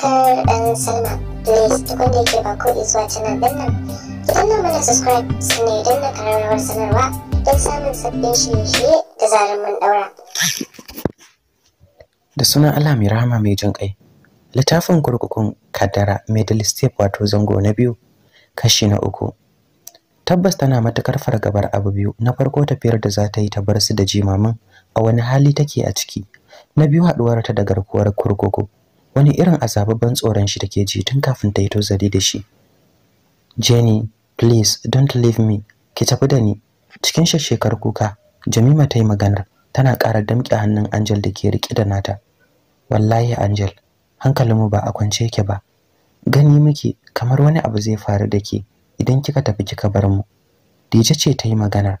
subscribe and sign up. Please da ba ko subscribe na sanarwa don samun da sunan Allah mai rahama mai jin kai. Littafin kurkukun Kadara Middle Step wato zango na biyu kashi na uku. tabbas tana matukar fargabar abu biyu na farko tafiyar da za ta yi ta bar su da jimamin a wani hali take a ciki na biyu haduwar ta da garkuwar kurkuku wani irin azababban tsoron shi take ji tun kafin ta yi tozari da shi Jenny please don't leave me ki tafi da ni cikin shekar kuka Jamima ta yi maganar tana ƙara damƙe hannun Angel da ke riƙe da nata wallahi Angel mu ba a kwance yake ba gani muke kamar wani abu zai faru da ke idan kika tafi kika bar mu Dije ce ta yi maganar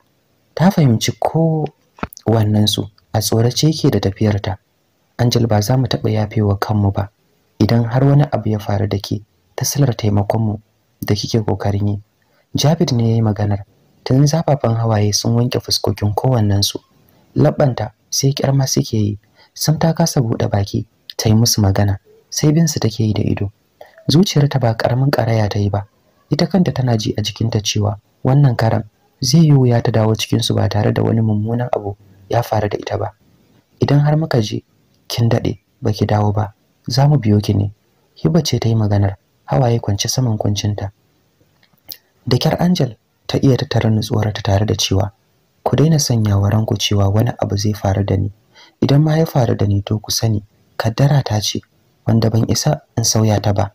ta fahimci ko wannan su a tsorace yake da tafiyarta Angel ba za mu taɓa yafewa kanmu ba idan har wani abu ya faru da ke ta silar taimakonmu da kike kokarin yi. Jabir ne ya yi maganar, tun zafafan hawaye sun wanke fuskokin kowannensu. Labbanta sai ma suke yi, sun ta kasa buɗe baki ta yi musu magana, sai binsu take yi da ido. Zuciyarta ba ƙaramin ƙaraya ta yi ba, ita kanta tana ji a jikinta cewa wannan karan zai yi wuya ta dawo cikinsu ba tare da wani mummunan abu ya faru da ita ba. Idan har muka je kin dade baki dawo ba za mu biyo ki ne hiba ce ta yi maganar hawaye kwance saman kuncinta da kyar angel ta iya tattara nutsuwar ta tare da cewa ku daina sanya wa ranku cewa wani abu zai faru da ni idan ma ya faru da ni to ku sani kaddara ta ce wanda ban isa in sauya ta ba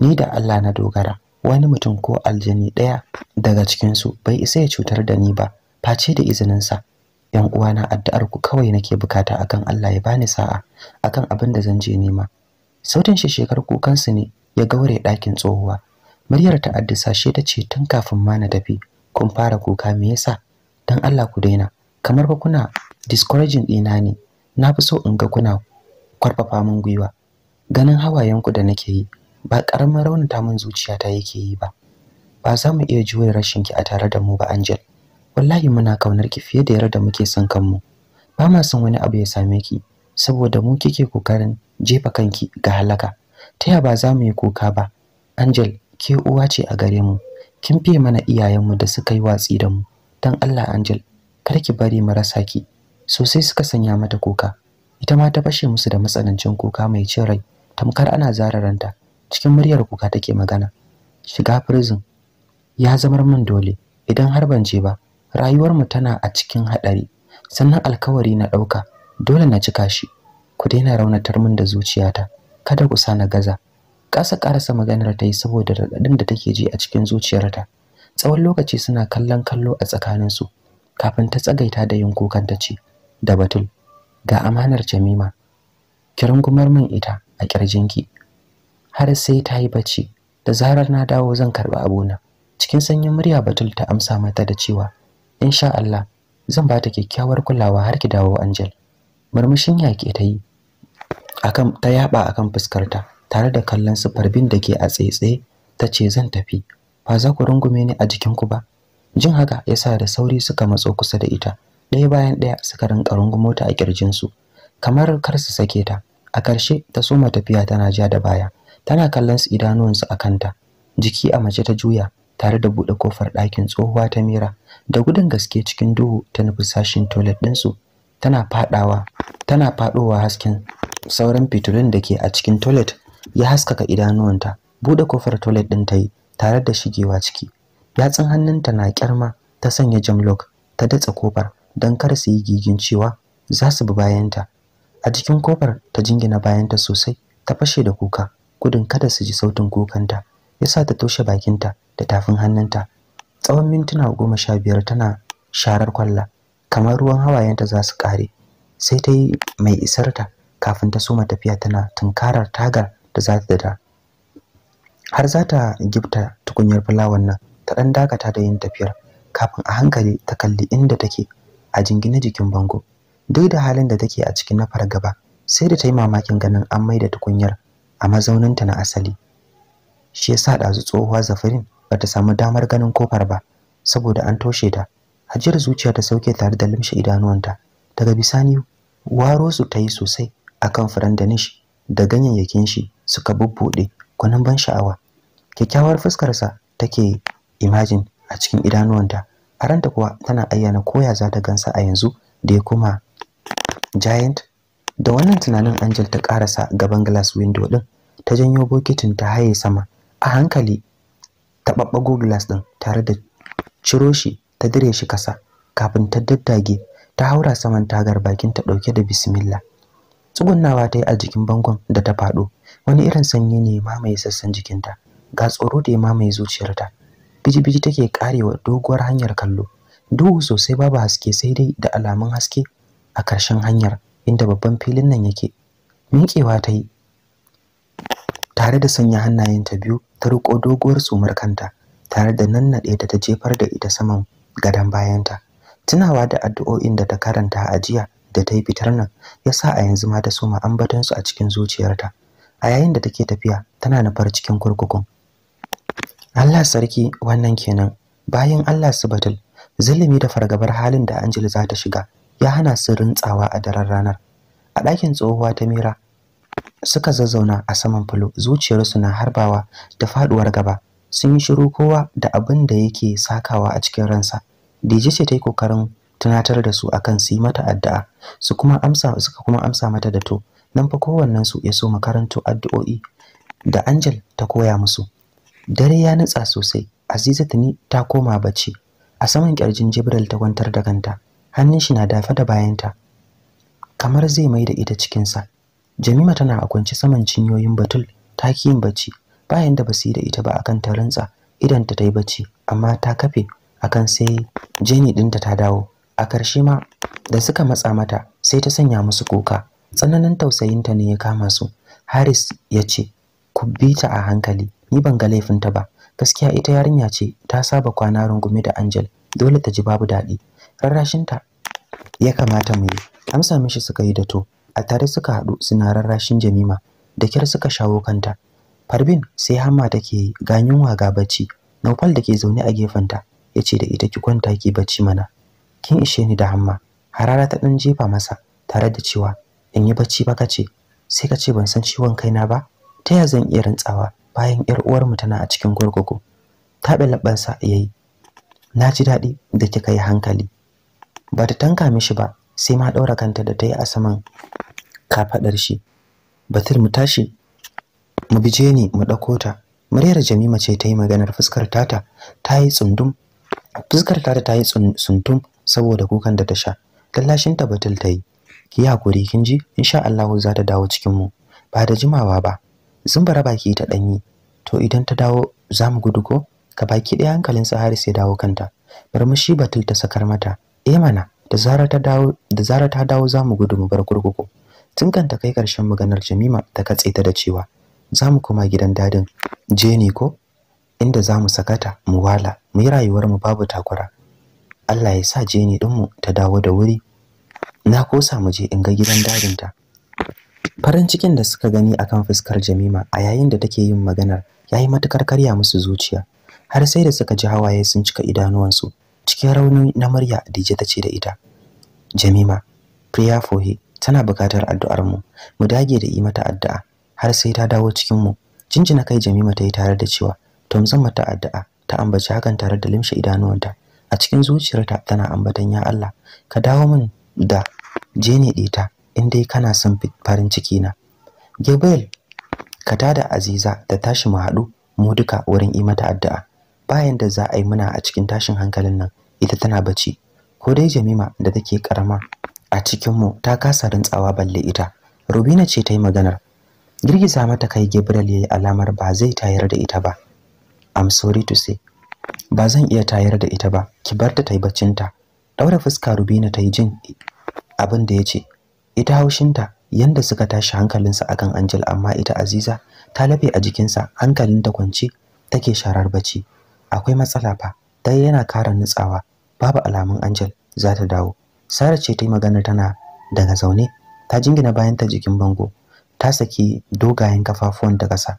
ni da Allah na dogara wani mutum ko aljani daya daga cikin su bai isa ya cutar da ni ba face da izininsa yan uwana addu'ar ku kawai nake bukata akan Allah ya bani sa'a akan abin da zan je nema sautin shi shekar kukansu ne ya gaure ɗakin tsohuwa muryar ta addisa she ta ce tun kafin ma na tafi kun fara kuka me yasa dan Allah ku daina kamar ba kuna discouraging ɗina ne na fi so in ga kuna kwarfafa min gwiwa ganin hawayenku da nake yi ba ƙaramin raunata min zuciyata yake yi ba ba za mu iya jure ki a tare da mu ba Angel wallahi muna kaunar ki fiye da yadda muke son kanmu ba ma son wani abu ya same ki saboda mu kike kokarin jefa kanki ga halaka ta ya ba za mu yi kuka ba angel ke uwa ce a gare mu kin fiye mana iyayenmu da suka yi watsi da mu dan Allah angel kar ki bari mu rasa ki sosai suka sanya mata kuka ita ma ta fashe musu da matsanancin kuka mai cin rai tamkar ana zararanta cikin muryar kuka take magana shiga prison ya zamar min dole idan har ban je ba Rayuwar mu tana a cikin haɗari sannan alkawari na ɗauka dole na cika shi ku daina raunatar min da zuciyata kada ku sa na gaza ƙasa ƙarasa maganar ta yi saboda raɗaɗin da take ji a cikin zuciyarta tsawon lokaci suna kallon kallo a tsakaninsu kafin ta tsagaita da yin kukan ta ce da batul ga amanar jamima ki rungumar min ita a ƙirjinki har sai ta yi bacci da zarar na dawo zan karɓi abona cikin sanyin murya batul ta amsa mata da cewa insha Allah zan ta kyakkyawar kulawa har ki dawo Angel murmushin yake ta yi akan ta yaba akan fuskarta tare da kallon sifar bin da ke a tsetse ta ce zan tafi ba za ku rungume ni a jikinku ba jin haka yasa da sauri suka matso kusa da ita ɗaya bayan ɗaya suka rinka rungumo ta a su kamar kar su sake ta a ƙarshe ta soma tafiya tana ja da baya tana kallon su idanuwansu a kanta jiki a mace ta juya tare da buɗe kofar ɗakin tsohuwa ta mira da gudun gaske cikin duhu ta nufi sashin toilet ɗinsu tana fadawa tana faɗowa hasken sauran fitilun da ke a cikin toilet ya haskaka idanuwanta buɗe kofar toilet ɗin ta yi tare da shigewa ciki yatsun hannunta na kyarma ta sanya jamlock ta datsa kofar don kar su yi gigin cewa za su bi bayanta a jikin kofar ta jingina bayanta sosai ta fashe da kuka gudun kada su ji sautin kukanta yasa ta toshe bakinta da tafin hannunta tsawon mintuna goma sha biyar tana sharar kwalla kamar ruwan hawayenta za su kare, sai ta yi mai isarta kafin ta soma tafiya tana tunkarar tagar da za ta da har za ta gifta tukunyar fulawan nan ta ɗan dakata da yin tafiyar kafin a hankali ta kalli inda take a jingine jikin bango duk da halin da take a cikin na fargaba sai da ta yi mamakin ganin an maida tukunyar a mazauninta na asali shi ya sa ɗazu tsohuwa zafirin bata samu damar ganin kofar ba saboda an toshe ta hajiyar zuciya ta sauke tare da limshe idanuwanta daga bisani waro su ta yi sosai akan furen da nish da ganyayyakin shi suka bubbuɗe kunun ban sha'awa kyakkyawar fuskarsa take imajin a cikin idanuwanta a ranta kuwa tana ayyana koya za ta gansa a yanzu da ya kuma giant da wannan tunanin angel ta karasa gaban glass window din ta janyo bokitin ta haye sama a hankali ta babbago glass din tare da ciro shi ta dire shi ƙasa, kafin ta daddage ta haura saman tagar bakin ta ɗauke da bismillah tsugunnawa ta yi a jikin bangon da ta faɗo, wani irin sanyi ne mamaye sassan jikinta ga tsoro da ya mamaye zuciyarta biji-biji take karewa doguwar hanyar kallo duhu sosai babu haske sai dai da alamun haske a ƙarshen hanyar inda babban filin nan yake minkewa ta yi tare da sanya hannayenta biyu ta riko doguwar sumar kanta tare da nannaɗe da ta jefar da ita saman gadon bayanta tunawa da addu'o'in da ta karanta a jiya da ta yi fitar nan ya sa a yanzu ma ta soma su a cikin zuciyarta a yayin da take tafiya tana na nufar cikin kurkukun Allah sarki wannan kenan bayan Allah subatul zulumi da fargabar halin da Angel za ta shiga ya hana su rintsawa a daren ranar a ɗakin tsohuwa ta mira suka zazzauna a saman fulo zuciyarsu na harbawa da faduwar gaba sun yi shiru kowa da abin da yake sakawa a cikin ransa dije ce ta yi kokarin tunatar da su akan su yi mata addu'a su kuma amsa suka kuma amsa mata da to nan fa kowannen su ya so makarantu addu'o'i da Angel ta koya musu dare ya nutsa sosai Aziza tuni ta koma bacci a saman kirjin Jibril ta kwantar da kanta hannun shi na dafa da bayanta kamar zai mai da ita cikinsa Jamima tana a kwance saman cinyoyin Batul ta kiyin yin bacci bayan da basu yi da ita ba akan ta rantsa idan ta yi bacci amma ta kafe akan sai jeni ɗinta ta dawo a ƙarshe ma da suka matsa mata sai ta sanya musu kuka tsananin tausayinta ne ya kama su Haris ya ce ku bi ta a hankali ni ban ga laifinta ba gaskiya ita yarinya ce ta saba kwana rungume da Angel dole ta ji babu daɗi rarrashinta ya kamata mu yi amsa mishi suka yi da to a tare suka haɗu suna rarrashin Jamima da kyar suka shawo kanta Farbin sai hamma take yi ga ga bacci Naufal da ke zaune a gefenta ya ce da ita ki kwanta ki bacci mana kin ishe ni da hamma harara ta ɗan jefa masa tare da cewa in yi bacci ba kace sai ka ce ban san ciwon kaina ba ta ya zan iya rantsawa bayan yar uwarmu tana a cikin kurkuku ta labbansa yayi na ji daɗi da kika yi hankali ba ta tanka mishi ba sai ma ɗaura kanta da ta yi a saman kafadar shi batir mu tashi mu bije ni mu dauko ta muryar jamima ce ta yi maganar fuskar tata tayi yi tsundum fuskar tata tayi saboda kukan da ta sha lallashin ta batul ta yi ki hakuri kin ji insha Allah za ta dawo cikin mu ba da jimawa ba zumbara baki ta danyi to idan ta dawo za mu gudu ko ka baki ɗaya hankalin sa Haris ya dawo kanta shi batul ta sakar mata eh mana da zarar ta dawo da zarar ta dawo za mu gudu mu bar kurkuku tun kan ta kai ƙarshen maganar Jamima ta katse ta da cewa za mu koma gidan dadin Jeni ko inda za mu sakata mu wala mu yi rayuwar mu babu takura Allah ya sa din mu ta dawo da wuri na kosa mu je in ga gidan dadin ta farin cikin da suka gani akan fuskar Jamima a yayin da take yin maganar yayi matukar karya musu zuciya har sai da suka ji hawaye sun cika idanuwansu cikin rauni na murya Dije ta ce da ita Jamima prayer for him. tana buƙatar addu'ar mu mu dage da yi mata addu'a har sai ta dawo cikin mu jinjina kai jamima ta yi tare da cewa to mu mata addu'a ta ambaci hakan tare da limshe idanuwanta a cikin zuciyarta tana ambatan ya Allah ka dawo min da jene ta. in dai kana son farin ciki na Gabriel ka da Aziza da tashi mu haɗu mu duka wurin yi mata addu'a bayan da za a yi muna a cikin tashin hankalin nan ita tana bacci ko dai Jamima da take karama a cikinmu ta kasa rintsawa balle ita rubina ce ta yi maganar girgiza mata kai gabriel ya yi alamar ba zai tayar da ita ba i'm sorry to say ba zan iya tayar da ita ba ki bar ta ta yi baccinta daura fuska rubina ta yi jin abin da ya ce ita haushinta yanda suka tashi hankalinsa akan angel amma ita aziza ta labe a jikinsa hankalin ta kwance take sharar bacci akwai matsala fa dai yana kara nutsawa babu alamun angel za ta dawo Sara ce ta yi magana tana daga zaune, ta jingina bayanta jikin bango, ta saki dogayen kafafuwan da ƙasa.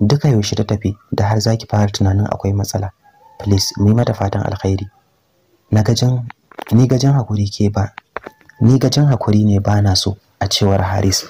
Duka yaushe ta tafi da har zaki fara tunanin akwai matsala. Please, mu yi mata fatan alkhairi. Na gajen ni gajen hakuri ke ba. Ni gajen hakuri ne ba na so a cewar Haris.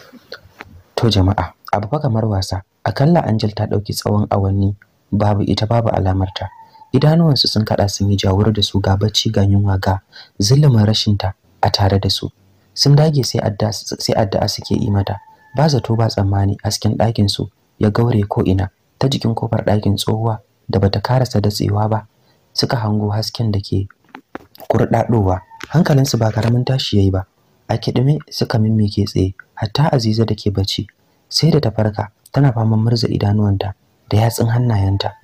To jama'a, abu fa kamar wasa, akalla Angel ta ɗauki tsawon awanni babu ita babu alamarta. idanuwansu sun kada sun yi jawur da su ga bacci ga yunwa ga zulumin rashinta a tare da su sun dage sai adda sai addu'a suke yi mata ba zato ba tsammani cikin ɗakin su ya gaure ko ina ta jikin kofar ɗakin tsohuwa da bata karasa datsewa ba suka hango hasken da ke kurɗaɗowa hankalinsu ba karamin tashi yayi ba a kiɗime suka mimmike tsaye hatta aziza da ke bacci sai da ta farka tana faman murza idanuwanta da yatsun hannayenta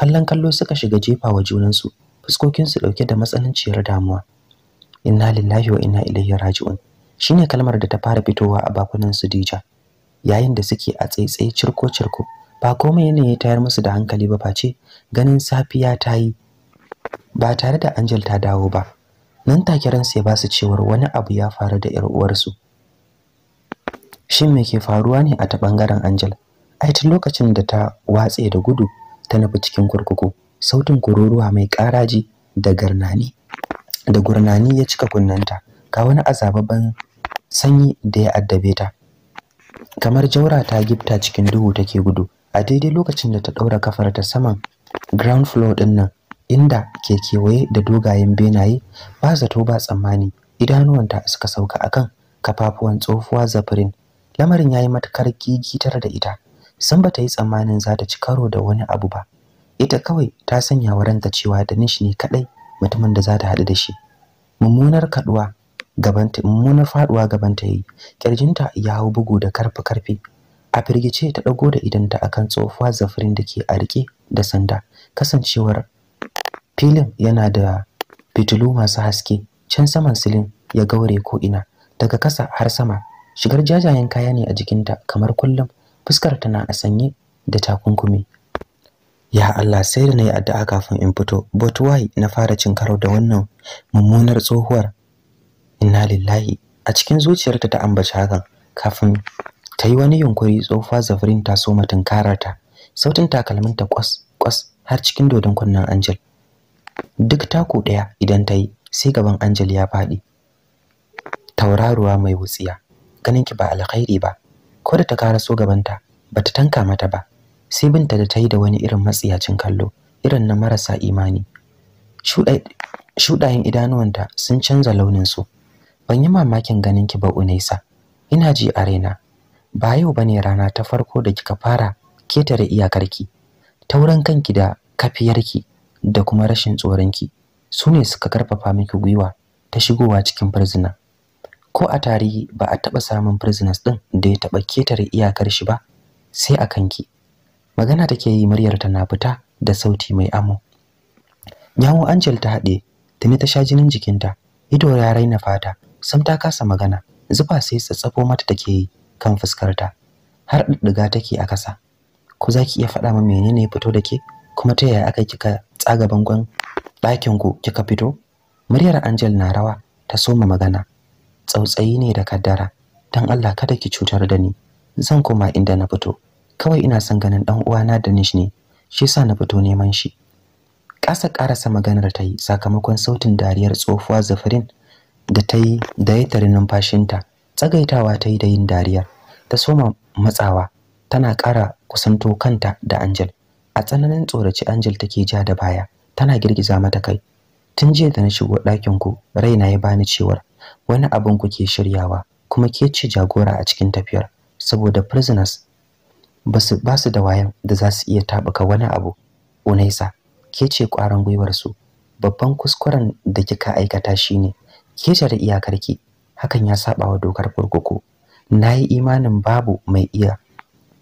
kallon kallo suka shiga jefa jefawa junansu fuskokinsu ɗauke da matsananciyar damuwa inna lillahi wa inna ilaihi raji'un shine kalmar da ta fara fitowa a bakunan su Dija yayin da suke a tsaitsaye cirko cirko ba komai yanayi ya tayar musu da hankali ba face ganin safiya ta yi ba tare da Angel ta dawo ba nan take ransu sai ba su cewar wani abu ya faru da 'yar uwarsu shin me ke faruwa ne a ta bangaren Angel ai tun lokacin da ta watse da gudu ta nufi cikin kurkuku sautin kururuwa mai ƙaraji da gurnani da gurnani ya cika kunnanta ga wani azababban sanyi da ya addabe ta kamar jaura ta gifta cikin duhu take gudu a daidai lokacin da ta ɗaura kafar ta saman ground floor ɗin nan inda ke kewaye da dogayen benaye ba zato ba tsammani idanuwanta suka sauka akan kafafuwan tsofuwa zafirin lamarin ya yi matukar gigitar da ita san ta yi tsammanin za ta ci karo da wani abu ba ita kawai ta sanya wa ranta cewa da nishi ne kadai mutumin da za ta haɗu da shi mummunar kaduwa gabanta mummunar faduwa gabanta yayi kirjinta ya hau bugu da karfi karfi a firgice ta dago da idanta akan tsofuwa zafirin da ke a rike da sanda kasancewar filin yana da fitilu masu haske can saman silin ya gaure ko ina daga kasa har sama shigar jajayen kaya ne a jikinta kamar kullum fuskar tana a sanye da takunkumi ya Allah sai da nayi addu'a kafin in fito but why na fara cin karo da wannan mummunar tsohuwar inna lillahi a cikin zuciyarta ta ambaci hakan kafin ta yi wani yunkuri tsofa zafirin ta so matin karata, sautin takalminta kwas kwas har cikin dodon kunnen Angel duk taku daya idan ta yi sai gaban Angel ya faɗi tauraruwa mai wutsiya ganin ki ba alkhairi ba ko da ta kara so gabanta ta tanka mata ba sai binta da ta yi da wani irin matsiyacin kallo irin na marasa imani shuɗayen idanuwanta sun canza launinsu ban yi mamakin ganin ki ba unaisa ina ji a raina ba yau bane rana ta farko da kika fara ketare iyakarki tauran kanki da kafiyarki da kuma rashin tsoronki su ne suka karfafa miki gwiwa ta shigowa cikin firzina ko a tarihi ba a taɓa samun prisoners ɗin da ya taɓa ketare iyakar shi ba sai a kanki magana take yi muryar ta na fita da sauti mai amo yawo angel ta haɗe tuni ta sha jinin jikinta ido ya raina fata sam ta kasa magana zufa sai tsatsafo mata take yi kan fuskarta har ɗiɗɗiga take a kasa ko za ki iya faɗa min menene ya fito da ke kuma ta yaya aka kika tsaga bangon ɗakin ku kika fito muryar angel na rawa ta soma magana tsautsayi ne da kaddara don Allah kada ki cutar da ni zan koma inda na fito kawai ina son ganin dan uwana da ne shi yasa na fito neman shi kasa karasa maganar ta yi sakamakon sautin dariyar tsofuwa zafirin da ta yi da ya tare numfashinta tsagaitawa ta yi da yin dariyar ta soma matsawa tana ƙara kusanto kanta da Angel a tsananin tsoraci Angel take ja da baya tana girgiza mata kai tun jiya da na shigo ɗakin ku raina ya bani cewar wani abin kuke shiryawa kuma ke ce jagora a cikin tafiyar saboda prisoners basu su da wayan da za su iya tabuka wani abu unaisa ke ce kwaran gwiwar su babban kuskuren da kika aikata shine iyakar iyakarki hakan ya saba wa dokar kurkuku yi imanin babu mai iya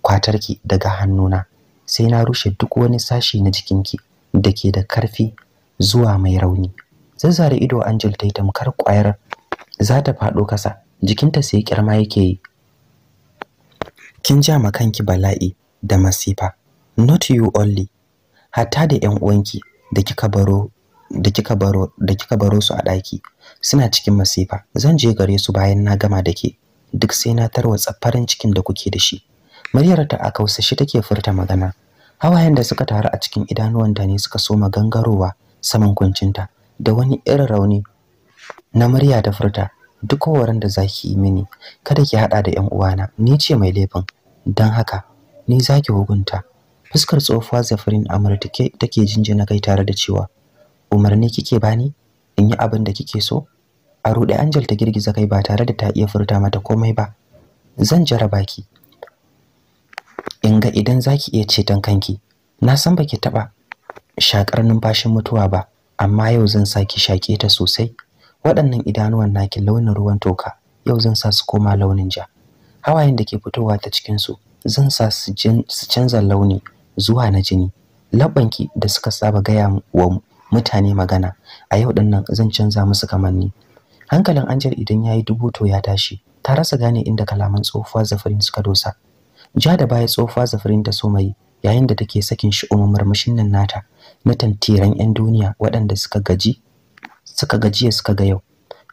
kwatarki daga hannuna sai na rushe duk wani sashi na jikin ki da ke da karfi zuwa mai rauni zazzare ido Angel ta yi tamkar kwayar za ta faɗo kasa jikinta sai kirma yake yi kin ja ma kanki bala'i da masifa not you only hatta da ƴan uwanki da kika baro da kika baro da kika baro su a ɗaki suna cikin masifa zan je gare su bayan na gama da ke duk sai na tarwa tsaffarin cikin da kuke da shi muryar ta a kausashi take furta magana hawayen da suka taru a cikin idanuwanta ne suka soma gangarowa saman kuncinta da wani irin rauni na murya da furta duk horon da zaki yi mini kada ki hada da yan uwana ni ce mai laifin dan haka ni zaki hukunta fuskar tsofuwa zafirin amurtake take jinjina kai tare da cewa umarni kike bani in yi abin da kike so a rude angel ta girgiza kai ba tare da ta iya furta mata komai ba zan jaraba ki in ga idan zaki iya ceton kanki na san baki taba shakar numfashin mutuwa ba amma yau zan saki shake ta sosai waɗannan idanuwan naki launin ruwan toka yau zan sa su koma launin ja hawayen da ke fitowa ta cikin su zan sa su canza launi zuwa na jini labbanki da suka saba gaya wa mutane magana a yau ɗannan zan canza musu kamanni hankalin anjar idan ya yi dubu to ya tashi ta rasa gane inda kalaman tsofa zafirin suka dosa ja da baya tsofa zafirin da somai, yayin da take sakin shi umar murmushin nan nata na tantiran 'yan duniya waɗanda suka gaji suka ga jiya suka ga yau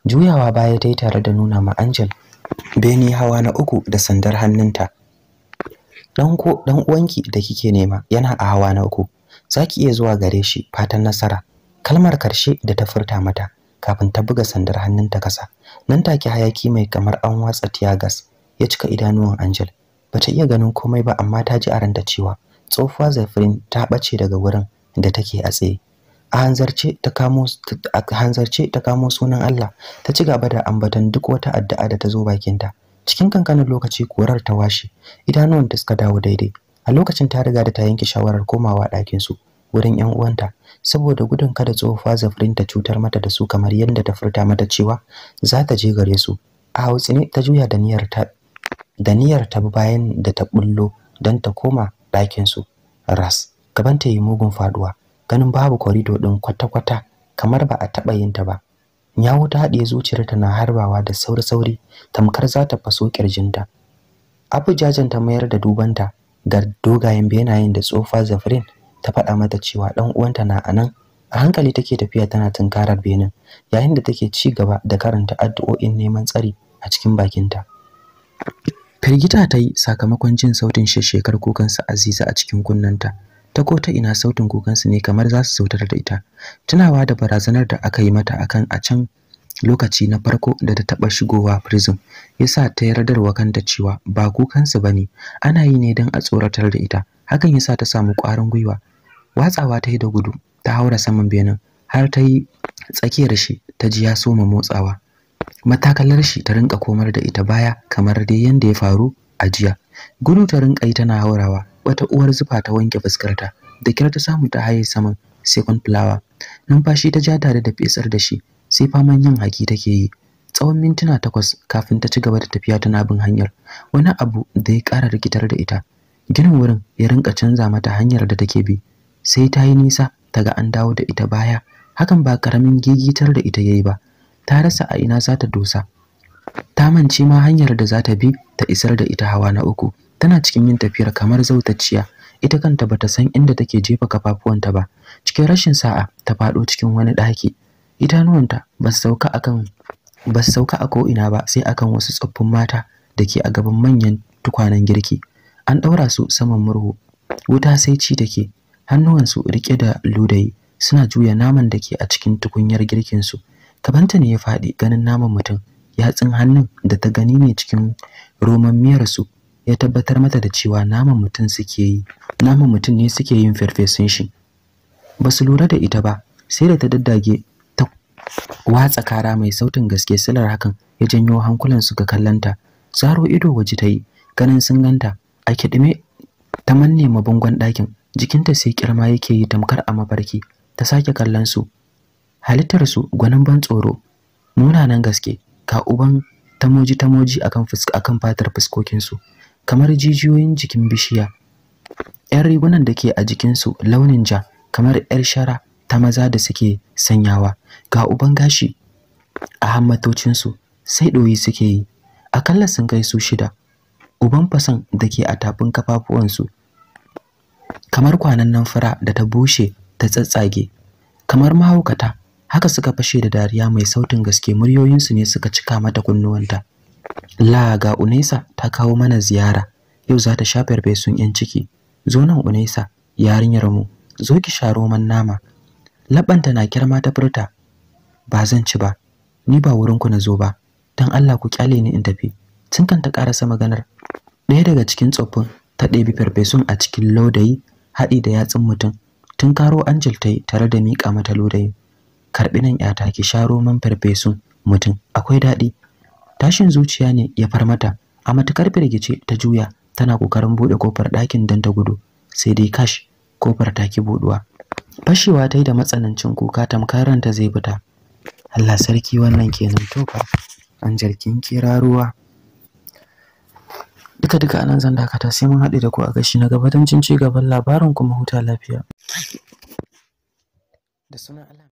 juyawa baya ta yi tare da nuna ma angel beni hawa na uku da sandar hannunta dan ko dan uwanki da kike nema yana a hawa na uku zaki iya zuwa gare shi fatan nasara kalmar karshe da ta furta mata kafin ta buga sandar hannunta kasa nan take hayaki mai kamar an watsa tiyagas ya cika idanuwan Angel bata iya ganin komai ba amma ta ji a aranta cewa tsofuwa zafirin ta ɓace daga wurin da take a tsaye hanzarce ta kamo sunan Allah ta ci gaba da ambatan duk wata addu'a da ta zo bakinta cikin kankanin lokaci korar ta washe idanuwan ta suka dawo daidai a lokacin ta riga da ta yanke shawarar komawa ɗakin su wurin ƴan uwanta saboda gudun kada tsofa zafrin ta cutar mata da su kamar yadda ta furta mata cewa za ta je gare su a hautsi ta juya da niyyar ta da niyyar ta bayan da ta bullo don ta koma ɗakin su ras gaban ta yi mugun faduwa ganin babu korido din kwata-kwata kamar ba a taɓa yin ta ba Ya ta haɗiye ta na harbawa da sauri-sauri tamkar za ta faso kirjinta jajan ta mayar da dubanta ga dogayen benayen da tsofa zafirin ta faɗa mata cewa ɗan uwanta na anan a hankali take tafiya tana tunkarar benin yayin da take ci gaba da karanta addu'o'in neman tsari a cikin bakinta firgita ta yi sakamakon jin sautin shekar kukansa aziza a cikin kunnanta ta ko ta ina sautin kukansu ne kamar za su sautar da ita tunawa da barazanar da aka yi mata akan a can lokaci na farko da ta taba shigowa prison yasa ta yardarwa kanta cewa ba kukansu ba ne. ana yi ne don a tsoratar da ita hakan yasa ta samu ƙwarin gwiwa watsawa ta yi da gudu ta haura saman benin har ta yi tsakiyar shi ta ji ya soma motsawa matakalar shi ta rinka komar da ita baya kamar dai yadda ya faru a jiya gudu ta rinƙa yi tana haurawa wata uwar zufa ta wanke fuskarta da kyar ta samu ta haye saman second flower numfashi ta ja tare da fesar da shi sai faman yin haki take yi tsawon mintuna takwas kafin ta ci gaba da tafiya tana bin hanyar wani abu da ya ƙara rikitar da ita ginin wurin ya rinka canza mata hanyar da take bi sai ta yi nisa ta ga an dawo da ita baya hakan ba ƙaramin gigitar da ita ya yi ba ta rasa a ina za ta dosa ta mance ma hanyar da za ta bi ta isar da ita hawa na uku tana cikin yin tafiyar kamar zautacciya ita kanta bata san inda take jefa kafafuwanta ba cikin rashin sa'a ta faɗo cikin wani ɗaki idanuwanta ba su sauka akan ba su sauka a ko'ina ba sai akan wasu tsoffin mata da ke a gaban manyan tukwanen girki an ɗaura su saman murhu wuta sai ci take hannuwansu riƙe da ludayi suna juya naman da ke a cikin tukunyar girkinsu kabanta ne ya faɗi ganin naman mutum yatsun hannun da ta gani ne cikin Roman miyar su ya tabbatar mata da cewa naman mutum suke yi naman mutum ne suke yin farfesun shi ba su lura da ita ba sai da ta daddage ta watsa kara mai sautin gaske silar hakan ya janyo hankulan su ga kallanta zaro ido waje ta yi ganin sun ganta a kiɗime ta manne ma bangon ɗakin jikinta sai kirma yake yi tamkar a mafarki ta sake kallon su halittarsu gwanin ban tsoro nan gaske ka uban tamoji tamoji akan fuska akan fatar fuskokinsu kamar jijiyoyin jikin bishiya yan rigunan da ke a jikinsu launin ja kamar yar shara ta maza da suke sanyawa ga uban gashi a hammatocinsu sai ɗoyi suke yi akalla sun kai su shida uban fasan da ke a tafin kafafuwansu kamar kwanan nan fara da ta bushe ta tsatsage kamar mahaukata haka suka fashe da dariya mai sautin gaske muryoyinsu ne suka cika mata kunnuwanta la ga unaisa ta kawo mana ziyara yau za ta sha farfesun yan ciki zo nan unaisa yarinyar mu zo ki sha roman nama labanta na kirma ta furta ba zan ci ba ni ba wurin ku na zo ba dan Allah ku kyale ni in tafi tun kan ta karasa maganar ɗaya daga cikin tsoffin ta ɗebi farfesun a cikin lodayi haɗi da yatsun mutum tun karo Angel ta tare da miƙa mata lodayin karɓi nan yata ki sha roman farfesun mutum akwai daɗi tashin zuciya ne ya far mata a matukar firgice ta juya tana kokarin buɗe kofar ɗakin dan ta gudu sai dai kash kofar ta ki buɗuwa fashewa ta yi da matsanancin kuka tamkar ranta zai fita Allah sarki wannan kenan to fa an jarkin kira ruwa duka duka anan zan dakata sai mun haɗu da ku a gashi na gaba don ci gaban labarin kuma huta lafiya da sunan